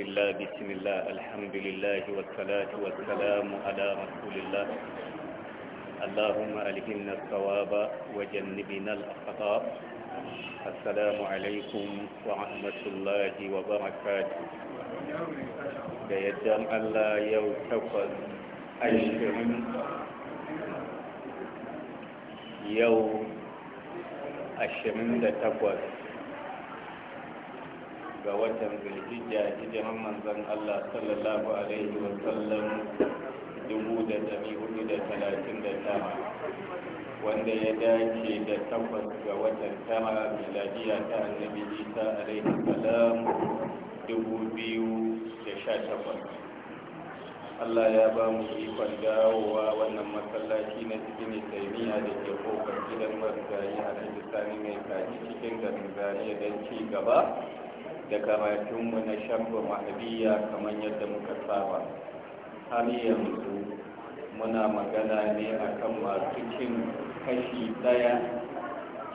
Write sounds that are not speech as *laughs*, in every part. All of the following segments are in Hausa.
بالله بسم الله الحمد لله والصلاة والسلام على رسول الله اللهم ألهمنا الصواب وجنبنا الأخطاء السلام عليكم ورحمة الله وبركاته da الله Allah yau يوم ashirin yau ga watan zulhijja hijiran manzon Allah sallallahu alaihi wa sallam dubu da dari hudu da talatin da tara wanda ya dace da takwas ga watan tara miladiya ta annabi isa alaihi salam dubu biyu da sha takwas Allah ya ba mu ikon dawowa wannan masallaci na cikin taimiyya da ke kofar gidan marigayi a sani mai kaji cikin garin zariya don ci gaba da karatunmu na sharba mahabiya kamar yadda muka saba har yanzu muna magana ne akan masu cin kashi daya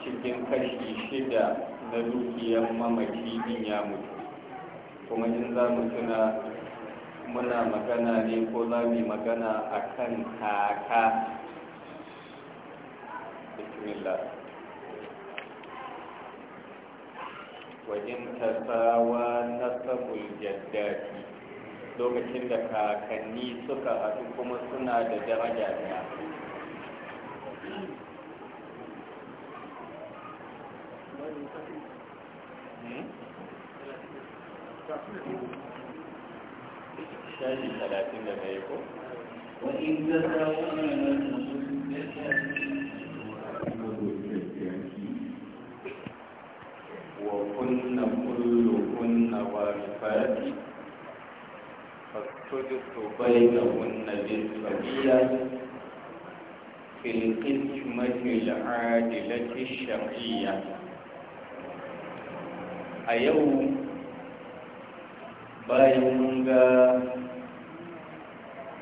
cikin kashi shida na dukiyar mamaci din ya mutu kuma in za mu tuna muna magana ne ko za mu magana akan kaka bismillah wajen tasawa na sabul jaddati lokacin da kakanni suka haɗu kuma suna da daraja ɗaya hmm? shaji talatin da ɗaya ko? wa'in da tsawon وكن كلهن واقفات فاستجت بينهن بالفضيلة في القسمة العادلة الشرعية أيوم bayan mun ga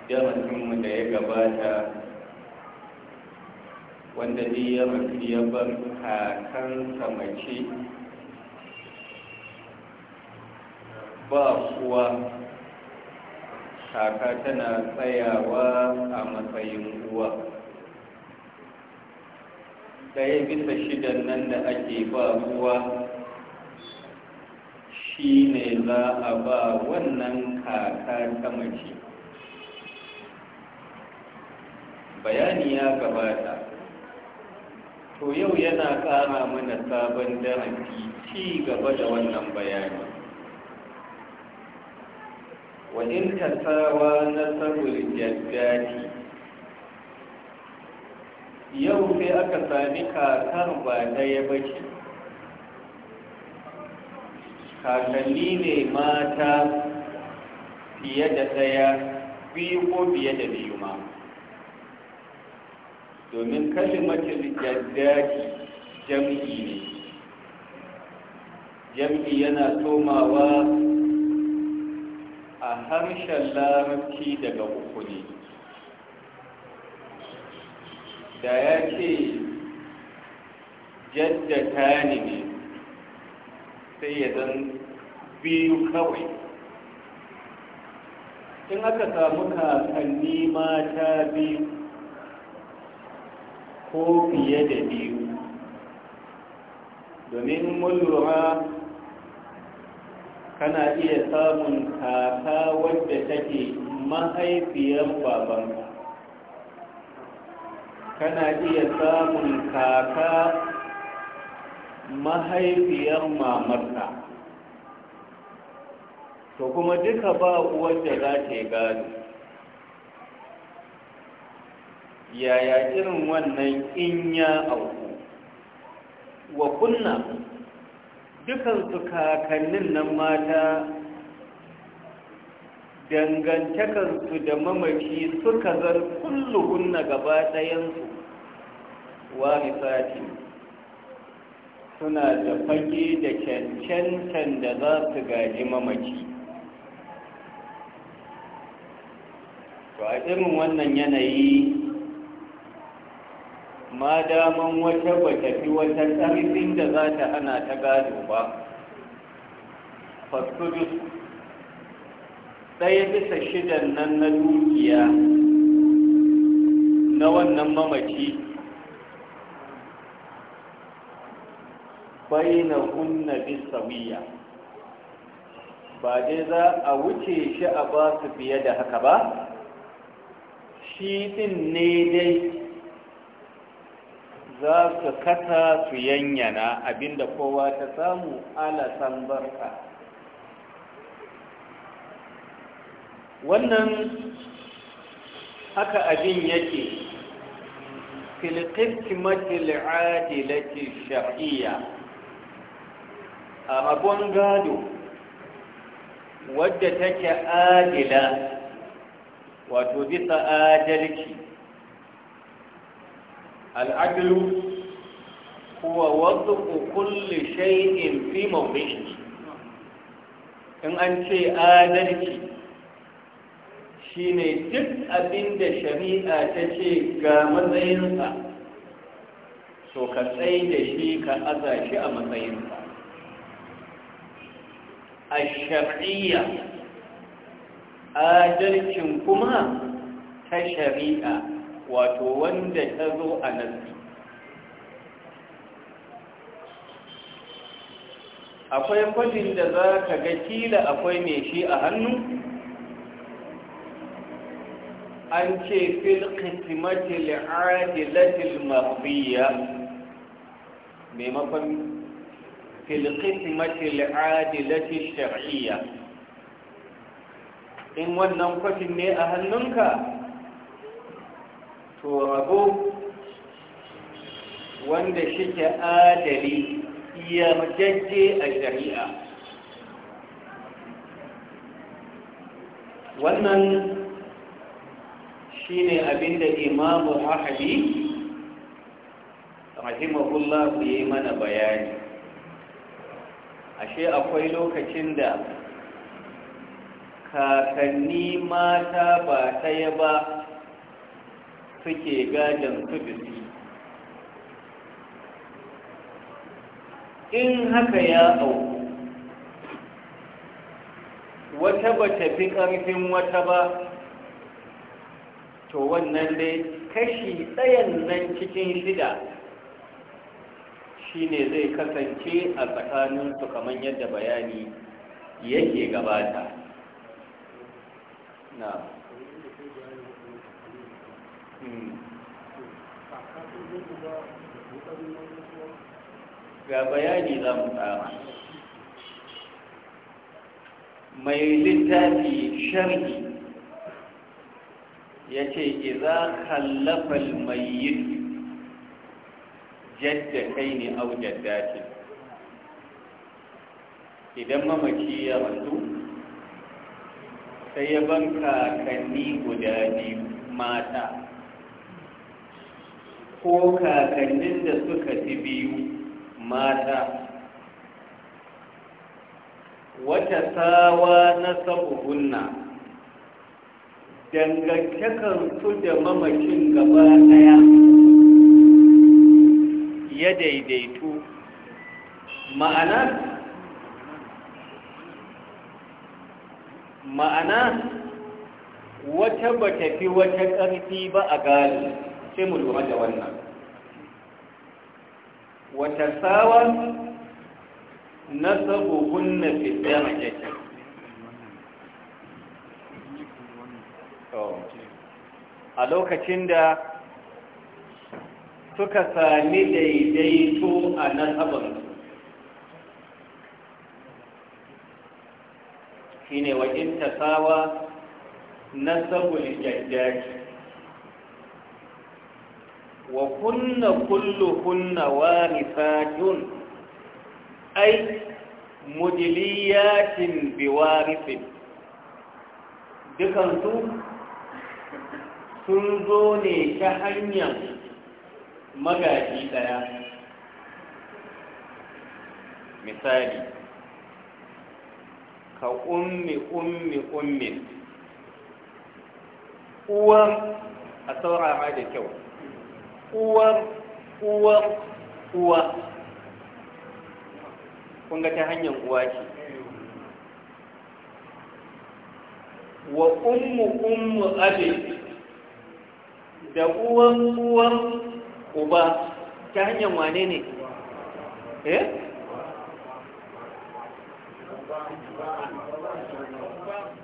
jarasinmu da ya gabata wanda ne ya mafi ya bar kakansa mace ba kuwa kaka tana tsayawa a matsayin uwa ɗaya bisa shidan nan da ake ba kuwa. shi ne za a ba wannan kaka ta mace bayani ya gabata to yau yana kara mana sabon darasi ci gaba da wannan bayani وإن na نسب الجدات yau sai aka sami kakar ba ɗaya ba ce kakanni ne mata fiye da ɗaya biyu ko fiye da biyu ma domin kalimatin jaddaki jam'i ne jam'i yana tomawa a harshen larabci daga uku ne da ya ce jaddata ne ne sai ya zan biyu kawai in aka samu kakanni mata biyu ko fiye da biyu domin mulura kana iya samun kaka wadda take mahaifiyar babanka kana iya samun kaka mahaifiyar mamarka to kuma duka ba wadda za ta yi gado yaya irin wannan in ya auku wa kunna dukansu kakannin nan mata dangantakarsu da mamaki suka zar na gaba ɗayansu wa misati suna da fage da cancantan da za su gaji mamaki to a irin wannan yanayi ma daman wata ba fi wata ƙarfin da za ta hana ta gado ba fasudus ɗaya bisa shidan nan na dukiya na wannan mamaci bai na hunna bisawiya ba dai za a wuce shi a ba su fiye da haka ba shi din ne dai za su kasa su yanyana abinda kowa ta samu alasan barka wannan haka abin yake filƙiƙimatil adilati shari'a a rabon gado wadda take adila wato bisa adalci al'adlu huwa wadda kulli shay'in fi mawdi'ihi in an ce adalci shine duk abin da shari'a ta ce ga matsayinsa to ka tsaye da shi ka aza shi a matsayinsa a shari'a adalcin kuma ta shari'a wato wanda ta zo a nasi akwai kwajin da za ka ga kila akwai mai shi a hannu an ce fil qismatil adilatil mahdiya maimakon fil qismatil adilatil shar'iyya in wannan kwajin ne a hannunka to rabo wanda shike adali yarjajje a shari'a wannan shine abinda imamu ahadi rahimahullah ya yi mana bayani ashe akwai lokacin da kakanni mata ba ɗaya ba suke gadon kudisi in haka ya auku wata ba ta fi ƙarfin wata ba to wannan dai kashi tsayan nan cikin shida shi ne zai kasance a tsakaninsu kamar yadda bayani yake gabata na Hmm. ga bayani za mu tsara mai littafi sharhi ya ce iza kallafal yi jadda kai ne au ce idan mamaki ya wanzu sai ya banka kanni guda biyu mata ko kakannin da suka fi biyu mata wata sawa na sabuhunna Dangantakarsu da mamakin gaba daya ya daidaitu ma'ana ma'ana wata bata fi wata ƙarfi ba a gado sai mu lura da wannan وتساوى نسبهن في الدرجة a lokacin da suka sami daidaito a nasabar shi ne wajen tasawa nasabul jajjaji wa kunna kulluhunna warithatun ay mudliyatin biwarithin dukan su sun zo ne ta hanyar magaji daya misali ka ummi ummi ummi uwar a saurara da kyau uwar uwar uwa kun ga ta hanyar uwa ce wa ummu ummu abin da uwar uwar uba ta hanyar wane ne eh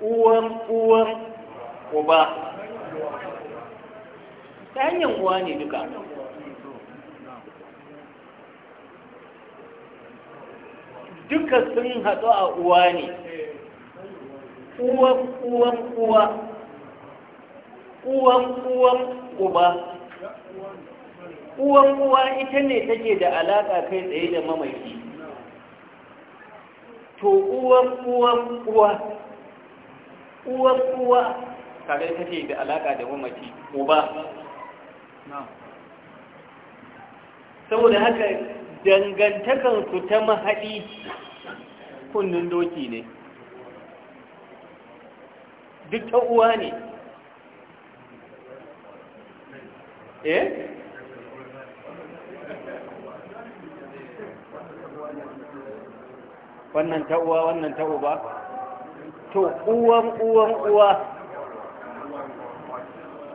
uwar uwar uba ta hanyar uwa ne duka duka sun haɗu a uwa ne uwan uwan uwa uwan uwan uba uwan uwa ita ne take da alaƙa kai tsaye da mamaki to uwan uwan uwa uwan uwa kare take da alaƙa da mamaki uba saboda haka dangantakarsu ta mahaɗi kunnen doki ne duk ta uwa ne eh wannan ta uwa wannan ta uba to uwan uwan uwa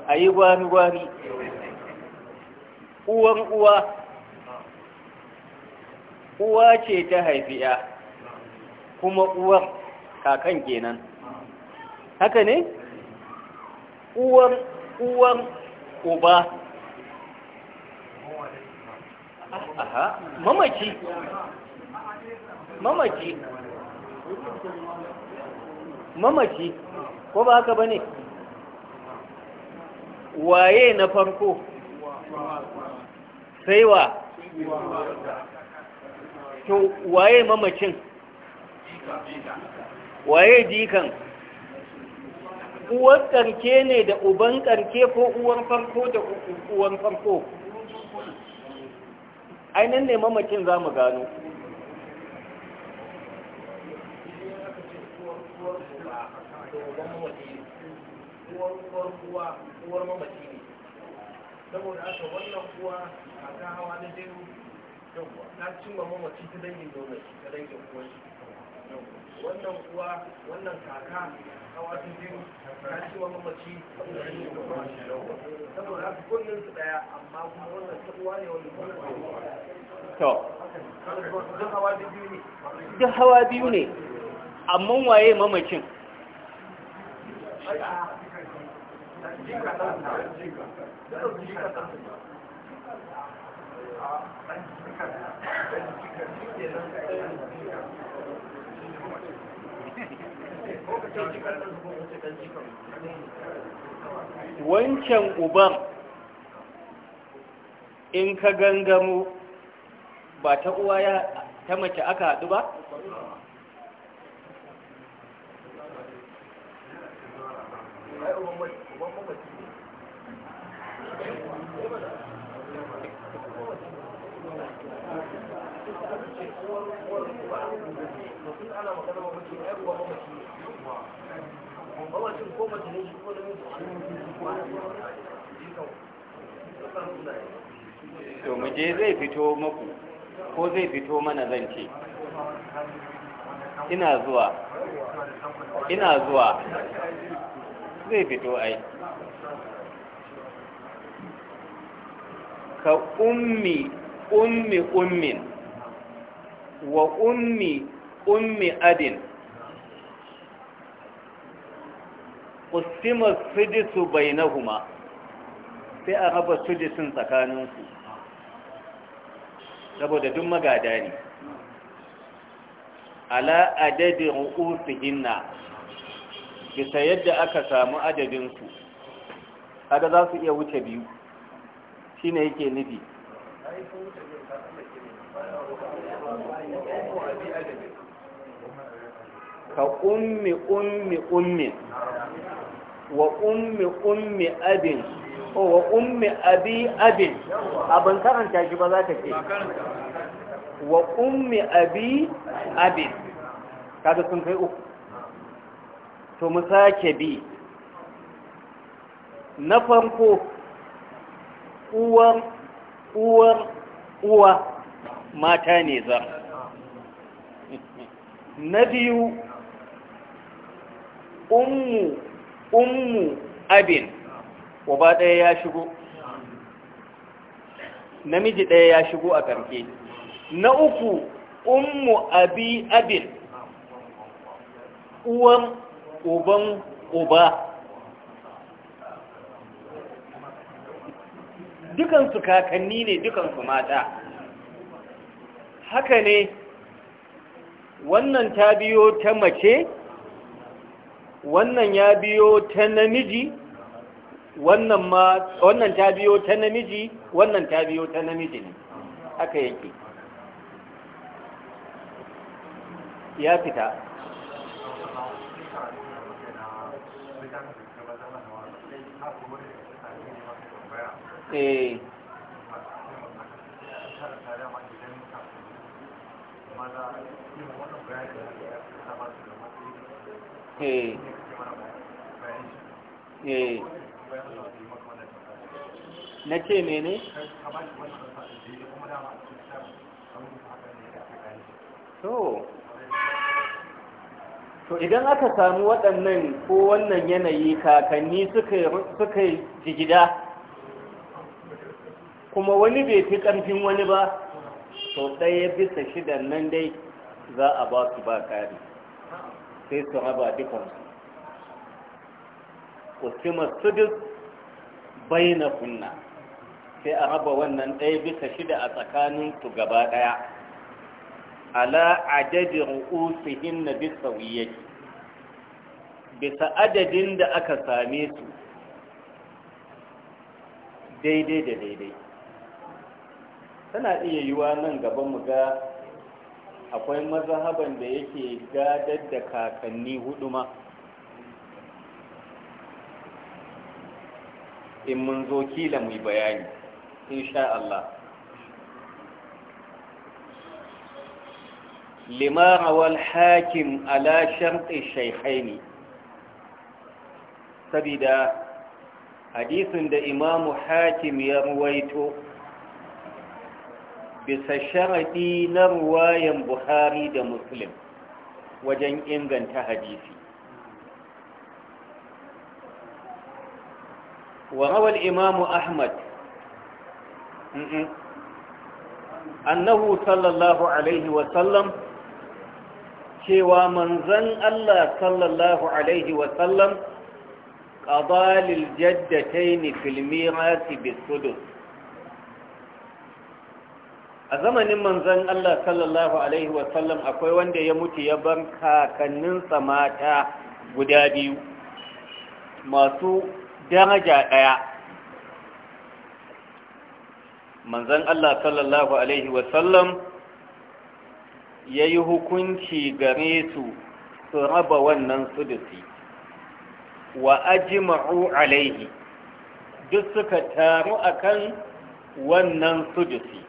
a yi gwani-gwani uwan uwa uwa ce ta haifi ya kuma uwar kakan kenan haka ne uwar uwar uba aha mamaci mamaci mamaci ko ba haka ba ne waye na farko sai wa to waye mamacin waye jikan uwar karke ne da uban karke ko uwar farko da uwar farko ainihin ne mamacin za mu gano uwar uwar mamaci ne saboda aka wannan kuwa a ta hawa na jiru na cin cimma mamaci ta dangin domin ta dangin shi. wannan kuwa wannan kaka hawa ta jiru ta cimma mamaci ta dangin shi saboda aka kullum su daya amma kuma wannan ta uwa ne wani kuma to duk duk hawa biyu ne amma waye mamacin wancan uban in ka gangamo ba ta uwa ya ta mace aka haɗu ba? to mu je zai fito maku ko zai fito mana zan ce ina zuwa ina zuwa zai fito ai ka ummi ummi ummin wa ummi ummi adin ƙustimar sudisu bai na huma sai a raba sudisun tsakaninsu saboda duk magada ne ala adadin ru'usihinna bisa yadda aka samu adadinsu kaga za su iya wuce biyu shi ne yake nufi ka ummi ummi ummi wa ummi ummi abin wa ummi abi abin abin karanta shi ba za ta ce wa ummi abi abin kada sun kai uku to mu sake bi na farko uwar uwar uwa mata ne za na biyu ummu ummu abin uba ɗaya ya shigo namiji ɗaya ya shigo a ƙarfe na uku ummu abi abin uwan uban uba dukansu kakanni ne dukansu mata haka ne wannan ta biyo ta mace wannan ya biyo ta namiji wannan ma wannan ta biyo ta namiji wannan ta biyo ta namiji ne aka yake ya fita eh Hey. Eh. Eh. na ce ne to to idan aka samu waɗannan ko wannan yanayi kakanni suka jigida kuma wani bai fi ƙarfin wani ba to ɗaya bisa shidan nan dai za a ba su ba ƙari sai su raba dukansu kusimar sudus bai na kunna sai a raba wannan ɗaya bisa shida a tsakaninsu gaba ɗaya ala adadin ru'usihin na bisa wuyaki bisa adadin da aka same su daidai da daidai tana iya yiwa nan gaban mu ga akwai mazhaban da yake gadar da kakanni hudu ma in mun zo kila mu bayani insha Allah lima rawal hakim ala sharti ne. sabida hadisin da imamu hakim ya ruwaito bisa sharaɗi na ruwayan buhari da muslim wajen inganta hadisi وروى الإمام أحمد أنه صلى الله عليه وسلم شوى منزن الله صلى الله عليه وسلم قضى للجدتين في الميراث بالسدس a zamanin manzan Allah sallallahu Alaihi wasallam akwai wanda ya mutu ya bar kakanninsa mata guda biyu masu daraja ɗaya manzan Allah sallallahu Alaihi wa sallam yayi hukunci game su su raba wannan sudusi wa ajima'u alaihi duk suka taru akan wannan sudusi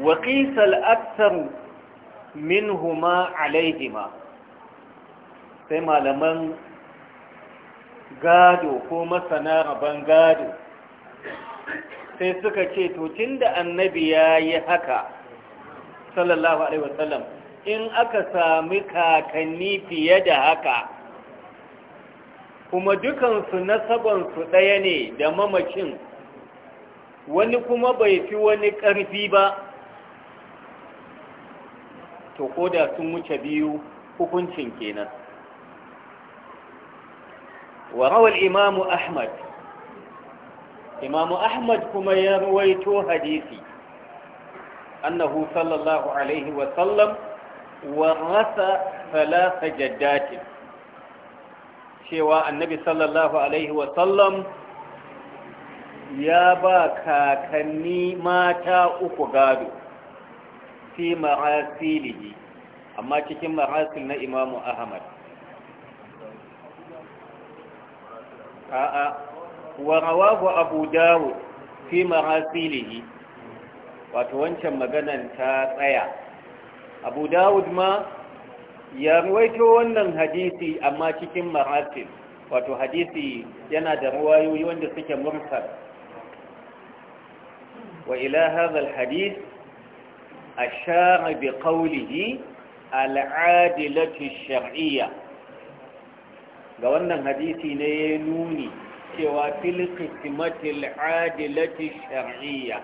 wa ƙisal aktar minhuma alaihima sai malaman gado ko masana rabon gado sai suka ce to tunda annabi ya yi haka sallallahu alaihi wasallam in aka sami kakanni fiye da haka kuma dukansu nasabansu ɗaya ne da mamacin wani kuma bai fi wani ƙarfi ba to koda sun wuce biyu hukuncin kenan وروى الإمام أحمد إمام أحمد كما يرويت حديثي أنه صلى الله عليه وسلم ورث ثلاث جدات cewa annabi sallallahu alaihi wasallam ya ba kakanni mata uku gado fi marasilihi amma cikin marasil na imamu ahmad a'a wa rawahu abu dawud fi marasilihi wato wancan maganan ta tsaya abu dawud ma ya ruwaito wannan hadisi amma cikin marasil wato hadisi yana da ruwayoyi wanda suke mursal wa ila hadha alhadith ashara bi qawlihi al'adilatu ash-shar'iyyah ga wannan hadisi ne ya nuni cewa fil qismatil adilati shar'iyya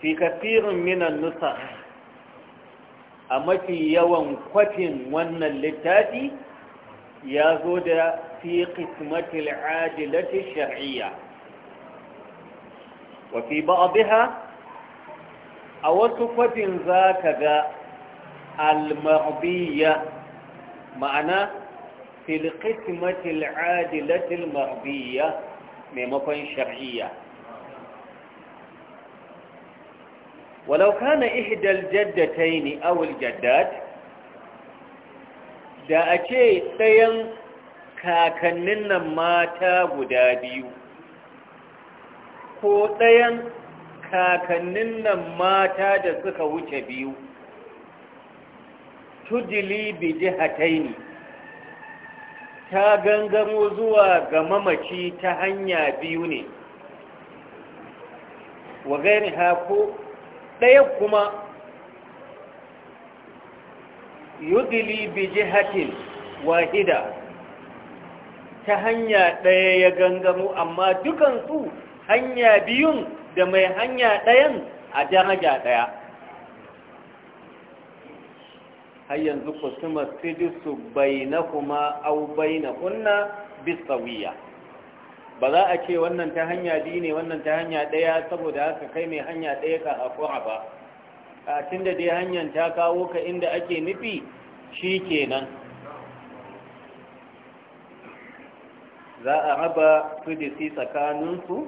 fi kathirin minan nusakh a mafi yawan kwafin wannan littafi ya zo da fi qismatil adilati shar'iyya wa fi ba'dha a wasu kwafin za ka ga al-marbiya ma'ana fil qismatil adilatil marbiya maimakon shar'iyya walau kana ihdal jaddataini aw al-jaddat da a ce ɗayan kakannin nan mata guda biyu ko ɗayan kakannin nan mata da suka wuce biyu tujili bi jihataini ta gangamo zuwa ga mamaci ta hanya biyu ne wa gani hako ɗaya kuma yudili bi jihatin wahida ta hanya ɗaya ya gangamo amma dukansu hanya biyun da mai hanya ɗayan a daraja ɗaya har yanzu kusuma sidisu baina kuma au na kunna bisawiya ba za a ce wannan ta hanya biyu ne wannan ta hanya ɗaya saboda haka kai mai hanya ɗaya ka a ba a tun da dai hanyar ta kawo ka inda ake nufi shi kenan za a raba si tsakaninsu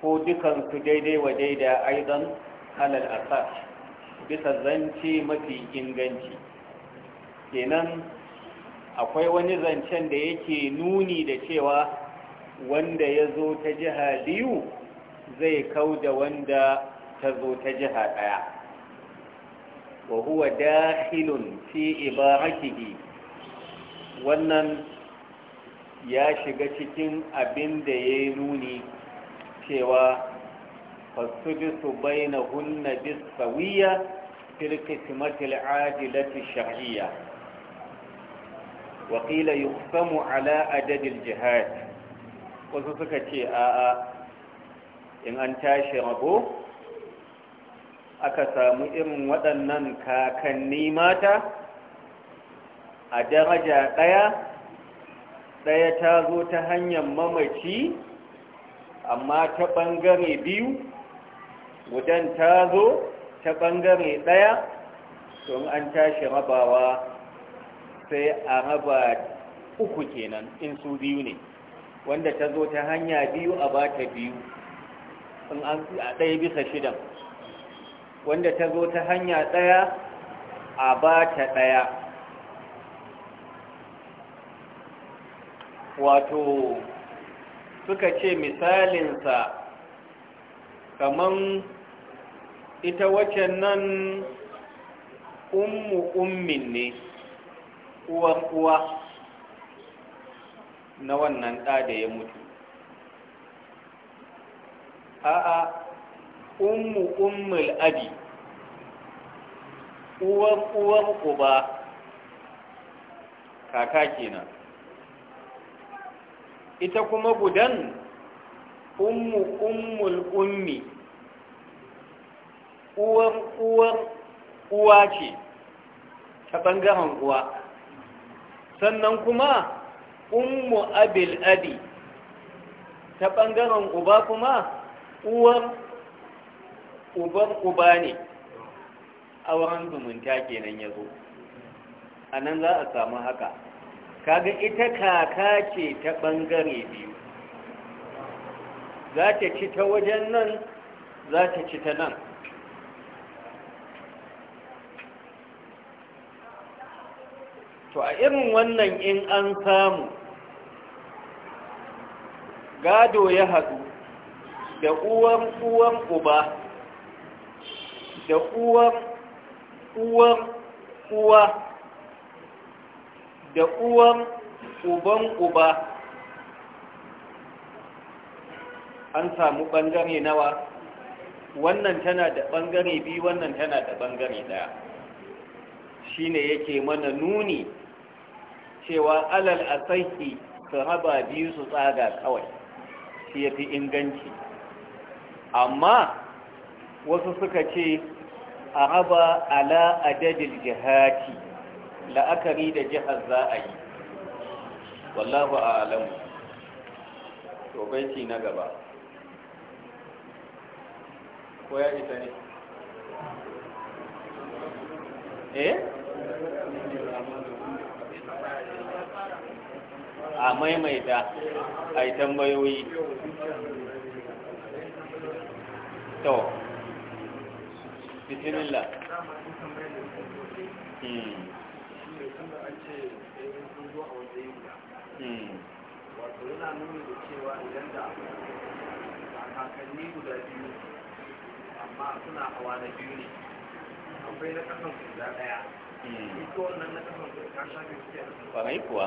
ko dukansu daidai wa a aizan halal asashi bisa zance mafi inganci kenan akwai wani zancen da yake nuni da cewa wanda ya zo ta jiha biyu zai kau da wanda ta zo ta jiha ɗaya wa huwa dakhilun fi ibaratihi wannan ya shiga cikin abin da ya yi nuni cewa su na bainahunna bisawiyya shari'a. القسمة العادلة الشرعية وقيل يقسم على عدد الجهات ce a'a. in an tashi rago. aka samu irin waɗannan kakanni mata a daraja ɗaya ɗaya ta zo ta hanyar mamaci amma ta ɓangare biyu gudan ta zo ta ɓangare ɗaya tun an tashi rabawa sai a raba uku kenan in su biyu ne wanda ta zo ta hanya biyu a ba ta biyu in an a ɗaya bisa shidan wanda ta zo ta hanya ɗaya a ba ta ɗaya wato suka ce misalinsa kaman ita wacce nan ummu ummin ne uwan uwa na wannan ɗa da ya mutu a'a ummu ummul abi uwan uwan uba kaka kenan ita kuma gudan ummu ummul ummi uwar uwar uwa ce ta ɓangaren uwa sannan kuma ummu abil abi ta ɓangaren uba kuma uwar uban uba ne auren zumunta kenan ya zo a nan za a samu haka kaga ita kaka ce ta ɓangare biyu za ta ci ta wajen nan za ta ci ta nan to a irin wannan in an samu gado ya haɗu da uwan uwan uba da uwan uwan uwa da uwan uban uba an samu ɓangare nawa wannan tana da ɓangare biyu wannan tana da ɓangare ɗaya shi ne yake mana nuni cewa alal asahi su haba biyu su tsaga kawai shi ya fi inganci amma wasu suka ce a haba ala adadin jihati la'akari da jihar za a yi wallahu a alamu to baiti na gaba ko ya isa ne eh a maimaita a yi tambayoyi to bismillah hmm. Hmm. wato yana da cewa idan da kakanni guda biyu amma suna hawa biyu ne akwai na kasan daya hmm. wannan na kasan kuwa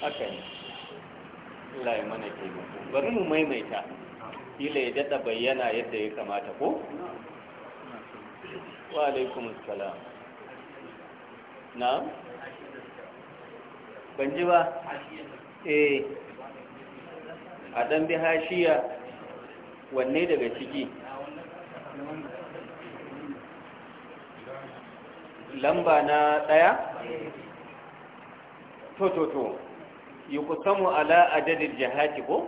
haka Allah bari mu maimaita ila ya daɗa bayyana yadda ya kamata ko? wa alaikun salam na? ban ji ba? eh a ɗan bi hashiya wanne daga ciki lamba na ɗaya? to to to yi kusamu ala adadin jihati ko?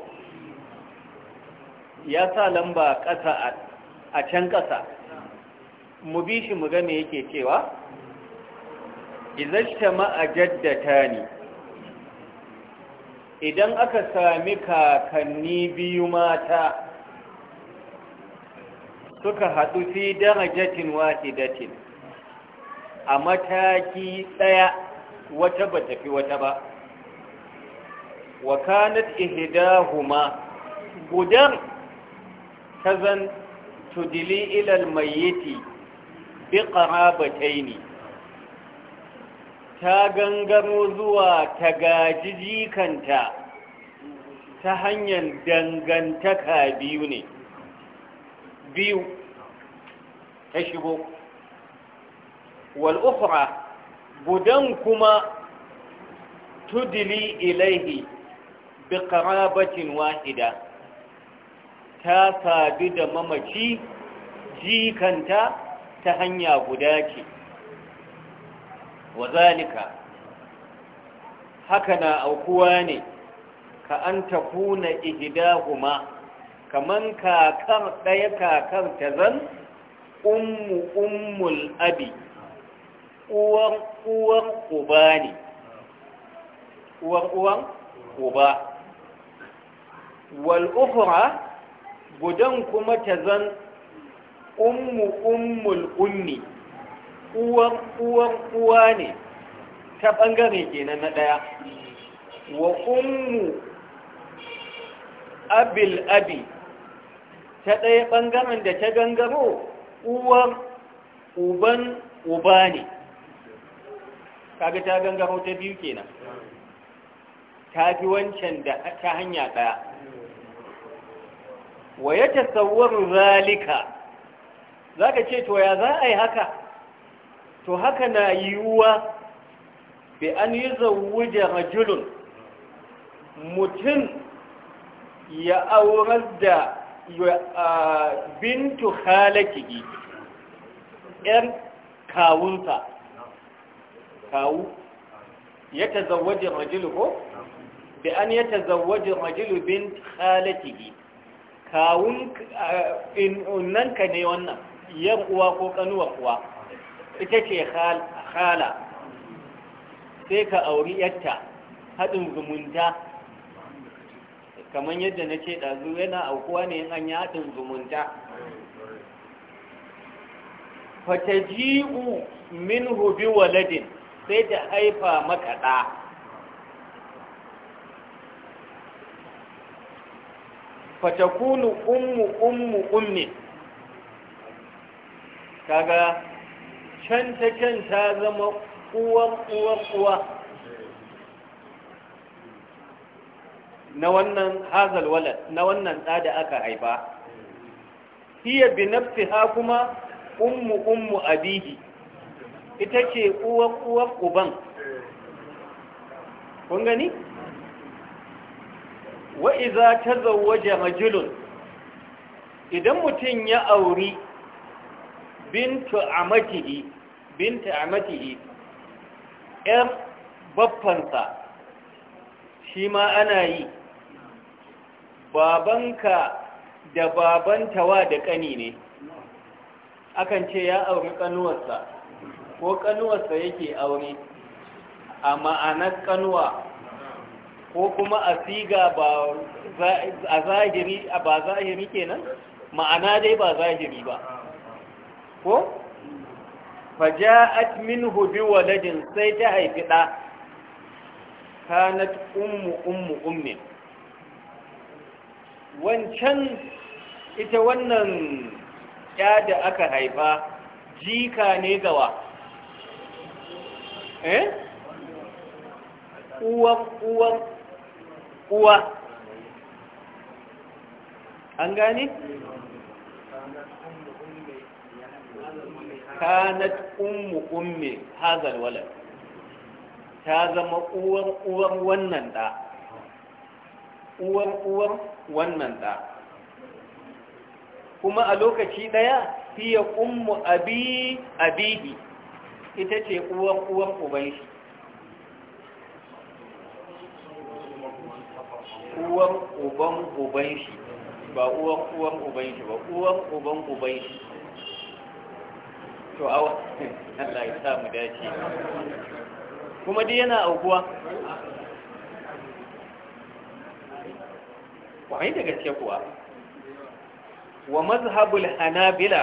ya sa lamba ƙasa a can ƙasa mu bi shi mu game yake cewa izashta da jaddata ne idan aka sami kakanni biyu mata suka haɗu fi darajatin wahidatin a mataki ɗaya wata ba tafi wata ba wa kanat ihdahuma gudan tazan tudili ilal almayyiti bi qarabataini ta gangaro zuwa ta gaji jikanta ta hanyar dangantaka biyu ne biyu ta shigo wal'ufura gudan kuma tudili ilaihi bi karabatin wahida ta sadu da mamaci jikanta ta hanya guda ce Wazalika, haka na aukuwa ne ka an na ihidahuma kaman kakar ɗaya kakar ta zan ummu ummul abi uwar uwar uba ne uwan uwan uba gudan kuma ta zan ummu ummul ummi uwar uwar uwa ne ta ɓangare kenan na ɗaya wa ummu abil abi ta ɗaya ɓangaren da ta gangaro uwar uban uba ne kaga ta gangaro ta biyu kenan ta fi wancan da ta hanya ɗaya wa ya tasawwar zalika za ka ce to ya za a yi haka to haka na yiwuwa bi an yi zawuja rajulun mutum ya aurar da bintu halaki ‘yan kawunsa kawu ya tazawajin rajulu ko? bi an yi ta tazawajin rajulu bintu halaki kawun nan ka ne wannan yan uwa ko kanuwa kuwa ita ce khala sai ka auri yarta haɗin zumunta kamar yadda na ce ɗazu yana aukuwa ne an yi haɗin zumunta fataji'u min hubi waladin sai ta haifa makaɗa kunu ummu ummu ummi kaga can ta can ta zama uwar uwar uwa na wannan hazal na wannan aka haifa hiya bi nafsiha kuma ummu ummu abihi ita ce uwar uwar uban kun gani wa iza tazawwaja rajulun idan mutum ya auri bintu amatihi binta amatihi ‘yar baffansa shi ma ana yi babanka da babanta wa da ƙani ne akan ce ya auri ƙanuwarsa ko ƙanuwarsa yake aure a ma'anar ƙanuwa ko kuma a siga ba zahiri ba zahiri kenan ma'ana dai ba zahiri ba ko faja'at minhu biwaladin sai ta haifi ɗa kanat ummu ummu ummin wancan ita wannan ya da aka haifa jika ne gawa eh uwan uwan uwa an gane? kanat ummu ummi hazal walad ta zama uwar uwar wannan da uwar uwar wannan da kuma a lokaci daya hiya ummu abi abihi ita ce uwar uwar uban shi uwar uban uban shi ba uwar uwar uban shi ba uwar uban uban shi to awa *laughs* Allah ya sa mu dace kuma dai yana Wa wani daga ce kuwa wa mazhabul hanabila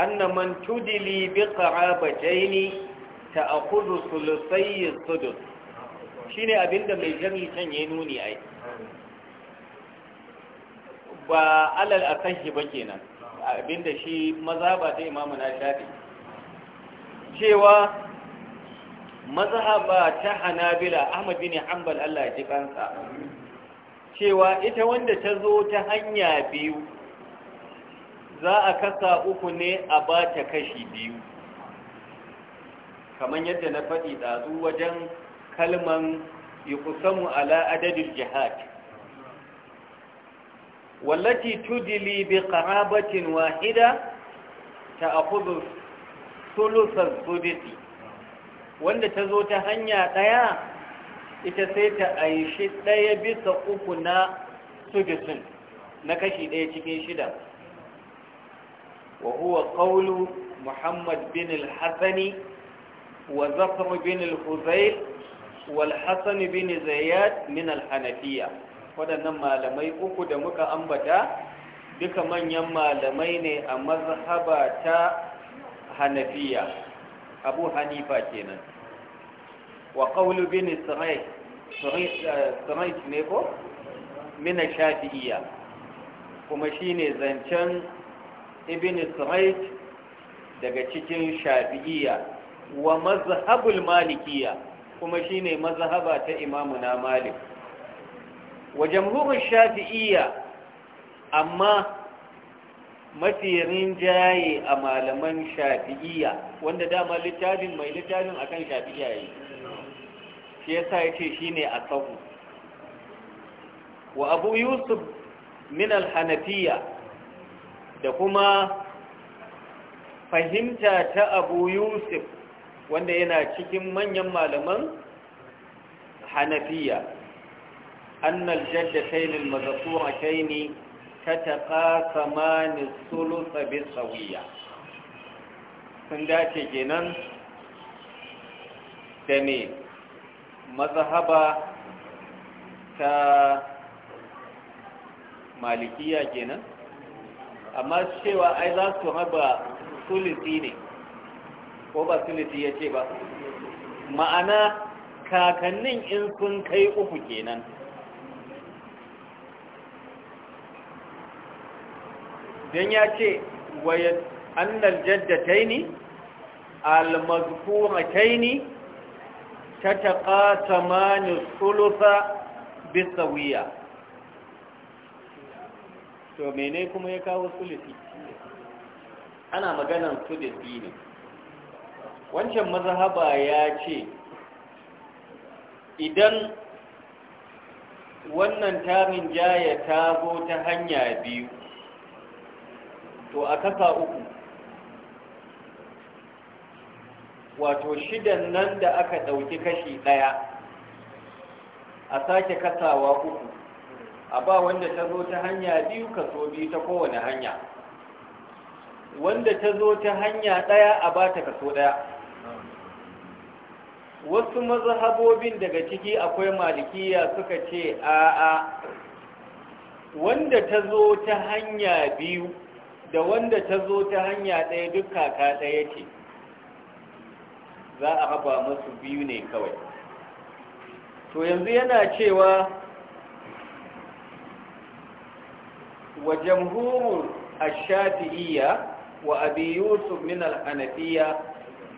anna man tudili bi qa'abataini ta'khudhu thuluthay sudus shine abinda mai jami can yayi nuni ai ba alal asahi ba kenan abinda shi mazhaba ta imamu na shafi cewa mazhaba ta hanabila ahmad bin hanbal Allah ya ji kansa cewa ita wanda ta zo ta hanya biyu za a kasa uku ne a ba ta kashi biyu kamar yadda na faɗi ɗazu wajen kalman yi kusamu ala adadin jihad والتي wahida بقرابة واحدة تأخذ ثلث الثلث wanda ta zo ta hanya ɗaya ita sai ta aishi ɗaya bisa uku na sudusun na kashi ɗaya cikin shida wa huwa muhammad bin al-hasani wa zafar bin al-huzail wal bin zayyad min al-hanafiya waɗannan malamai uku da muka ambata duka manyan malamai ne a mazhaba ta hanafiya abu hanifa kenan wa qawlu bin sirai eh, ne ko min shafi'iyya kuma shine zancen ibn sirai daga cikin shafi'iyya wa mazhabul malikiya kuma shine mazhaba ta na malik wa jamhurin shafi'iyya amma mafi rinjaye a malaman shafi'iyya wanda dama littafin mai littafin akan shafi'iyya yi shi yasa ya ce shi ne a sahu wa abu yusuf min alhanafiya da kuma fahimta ta abu yusuf wanda yana cikin manyan malaman hanafiya أن الجدتين المذكورتين تتقاسمان الثلث بالسوية سنداتي جنان دني مذهبا تا مالكية جنان أما cewa أيضا za su ko ba sulisi ya ce ba ma'ana kakannin in sun kai uku kenan don ya ce annal jaddataini almazkurataini tataqatamani bisa bisawiya to mene kuma ya kawo sulusi ana maganan sulusi ne wancan mazhaba ya ce idan wannan tamin' jaya ta zo ta hanya biyu to a kasa uku wato shidan nan da aka ɗauki kashi ɗaya a sake kasawa uku a ba wanda ta zo ta hanya biyu so biyu ta kowane hanya wanda ta zo ta hanya ɗaya a ba ta kaso ɗaya wasu mazhabobin daga ciki akwai malikiya suka ce a'a wanda ta zo ta hanya biyu da wanda ta zo ta hanya ɗaya duk kaka ɗaya ce za a haba masu biyu ne kawai to yanzu yana cewa wa jamhurul ash-shafi'iyya wa abi yusuf min al-hanafiyya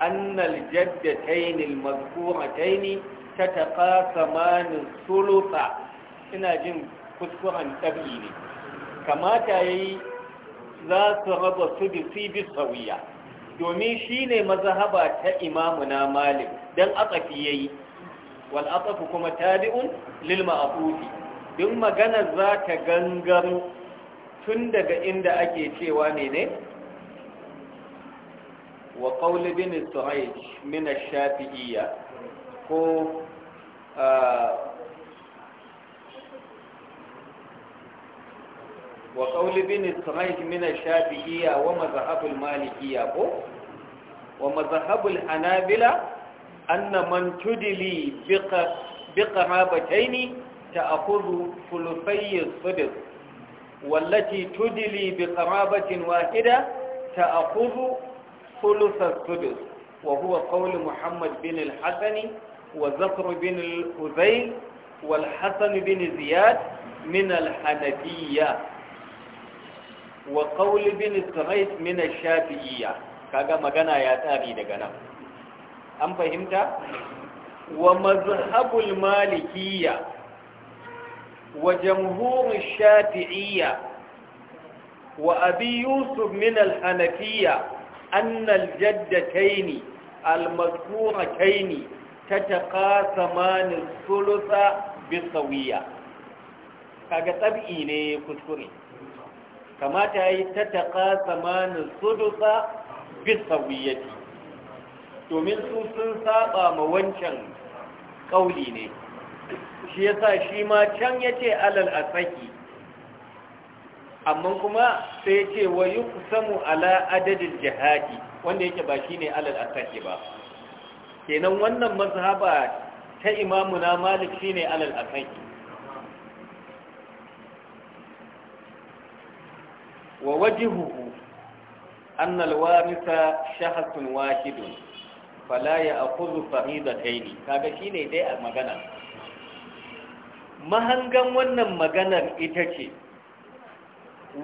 أن الجدتين المذكورتين تتقاسمان الثلث ina jin kuskuren tabi ne kamata yayi za su raba su bi su bi sauya domin shi ne mazahaba ta imamu na malik don atsafi ya yi wal kuma tabi'un a ma'afufi din magana za ta gangaru tun daga inda ake cewa ne ne wa qawli bin suraij shafiiyya ko ah, wa qawli bin samaih min ash wa mazhab al ko wa mazhab al-hanabila anna man tudli biqa biqahatayn ta'khudhu thuluthay as-sidq wallati tudli biqarabatin wahida ta'khudhu thuluth as-sidq wa huwa qawl muhammad bin al-hasani وذكر بن الحذيل والحسن بن زياد من الحنفية wa ƙauli bin Sumais min shafiiyya kaga magana ya tsari daga nan an fahimta wa mazhabul malikiyya wa jamhur shafiiyya wa abi Yusuf min al-Hanafiyya أن ta المذكورتين تتقاسمان الثلث بالسوية kaga tabi'i ne kuskure kamata ya yi ta taƙa samanin sudusa bisawiyyati domin su sun saba ma wancan ƙauli ne shi yasa shi ma can ya ce alal asaki amma kuma sai ce wa yi kusamu ala adadin jihadi wanda yake ba shi ne alal asaki ba kenan wannan mazhaba ta imamuna malik shi ne alal asaki wa wajihuhu أن الوارث شخص واحد فلا يأخذ فريضتين kaga shine dai a magana mahangan wannan maganar ita ce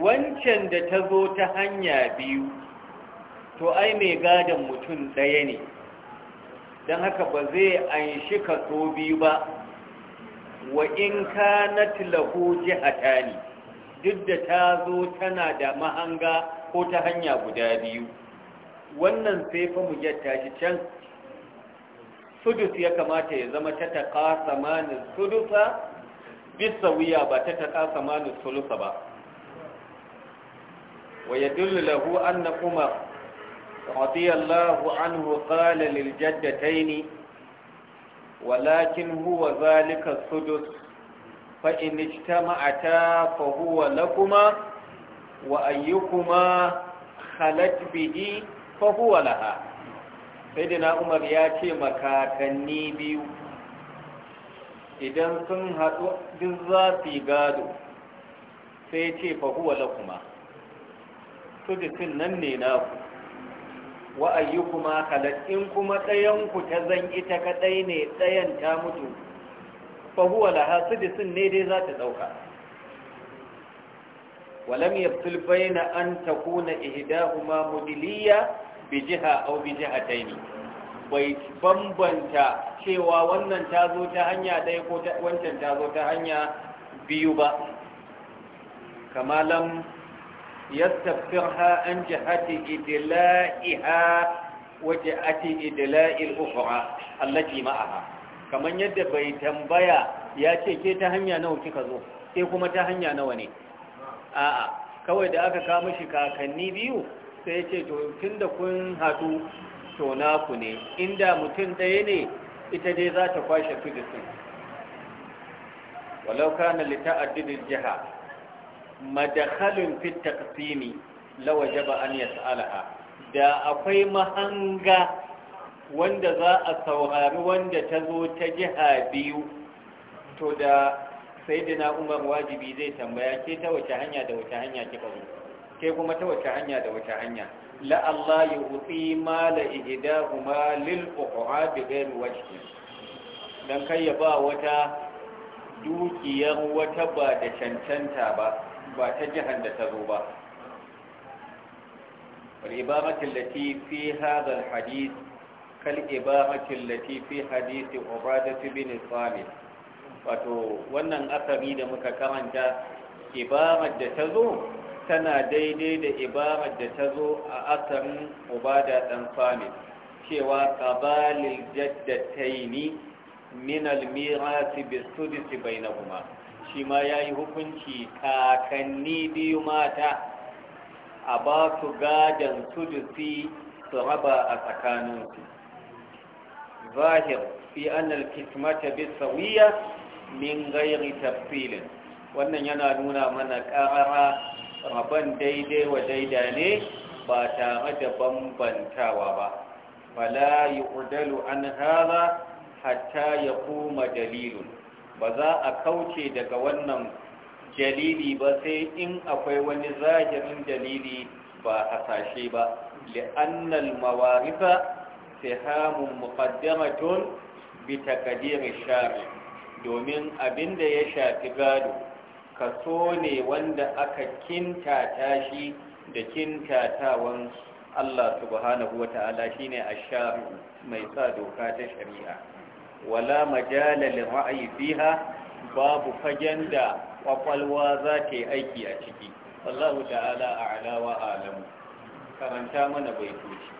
wancan da ta zo ta hanya biyu to ai mai gadon mutum ɗaya ne don haka ba zai anshi kaso biyu ba wa in kanat jihata jihatani duk da ta zo tana da mahanga ko ta hanya guda biyu wannan sai fa mu yatta shi can sudus ya kamata ya zama ta takasa samanin sudusa bisa wuya ba ta takasa samanin sulusa ba wa ya dullu lahu anna umar radiyallahu anhu qala lil jaddataini walakin huwa zalika sudus fa'in ijtama'ata fa huwa lakuma wa ayyukuma khalat bihi fa huwa laha sayyidina Umar ya ce makakanni biyu idan sun haɗu duk za su gado sai ce fa huwa lakuma sudusin nan ne naku wa ayyukuma khalat in kuma ɗayan ta zan ita kadai ne ɗayan ta mutu fahuwa laha sudisin ne dai za ta ɗauka walam yabtul baina an takuna ihdahuma mudiliya bi jiha aw bi jihataini bai bambanta cewa wannan ta zo ta hanya ɗaya ko wancan ta zo ta hanya biyu ba Kamalam lam yastafirha an jihati idla'iha wa jihati idla'il ukhra allati ma'aha kamar yadda bai tambaya ya ce ke ta hanya nawa kika zo ke kuma ta hanya nawa ne a'a kawai da aka kama shi kakanni biyu sai ya ce to tunda kun haɗu to naku ne inda mutum ɗaya ne ita dai za ta kwashe fidisin walau kana lita'addidil jiha madakalin fit taqsimi lawa jaba an alaha da akwai mahanga wanda za a saurari wanda ta zo ta jiha biyu to da saidina umar wajibi zai tambaya ke ta wace hanya da wace hanya kika zo ke kuma ta wace hanya da wace hanya la Allah ya utsi mala ihdahuma lil uqra bi ghairi wajhi dan kai ya ba wata dukiyar wata ba da cancanta ba ba ta jihar da ta zo ba والعبارة التي في hadar الحديث كالإباحة التي في حديث عبادة بن الصامت wato wannan asari da muka karanta ibarar da ta zo tana daidai da ibarar da ta zo a asarin obada dan famit cewa qabalil jaddataini min bai na bainahuma shi ma yayi hukunci kakanni biyu mata a ba su gadan su raba a tsakaninsu zahir fi annal kismata bi sawiya min gairi tafsilin wannan yana nuna mana ƙarara Raban daidai wa daida ne ba tare da bambantawa ba Bala yu'dalu an hadha hatta yaquma dalilun ba za a kauce daga wannan dalili ba sai in akwai wani zahirin dalili ba hasashe ba Li'anar mawarisa sihamun muqaddamatun bi taqdiri shari domin abinda ya shafi gado kaso ne wanda aka kintata shi da kintatawan Allah subhanahu wata'ala shine a shari mai sa doka ta shari'a wala majala lil ra'yi babu fagen da kwakwalwa za ta yi aiki a ciki wallahu a alawa wa alamu karanta mana baitoci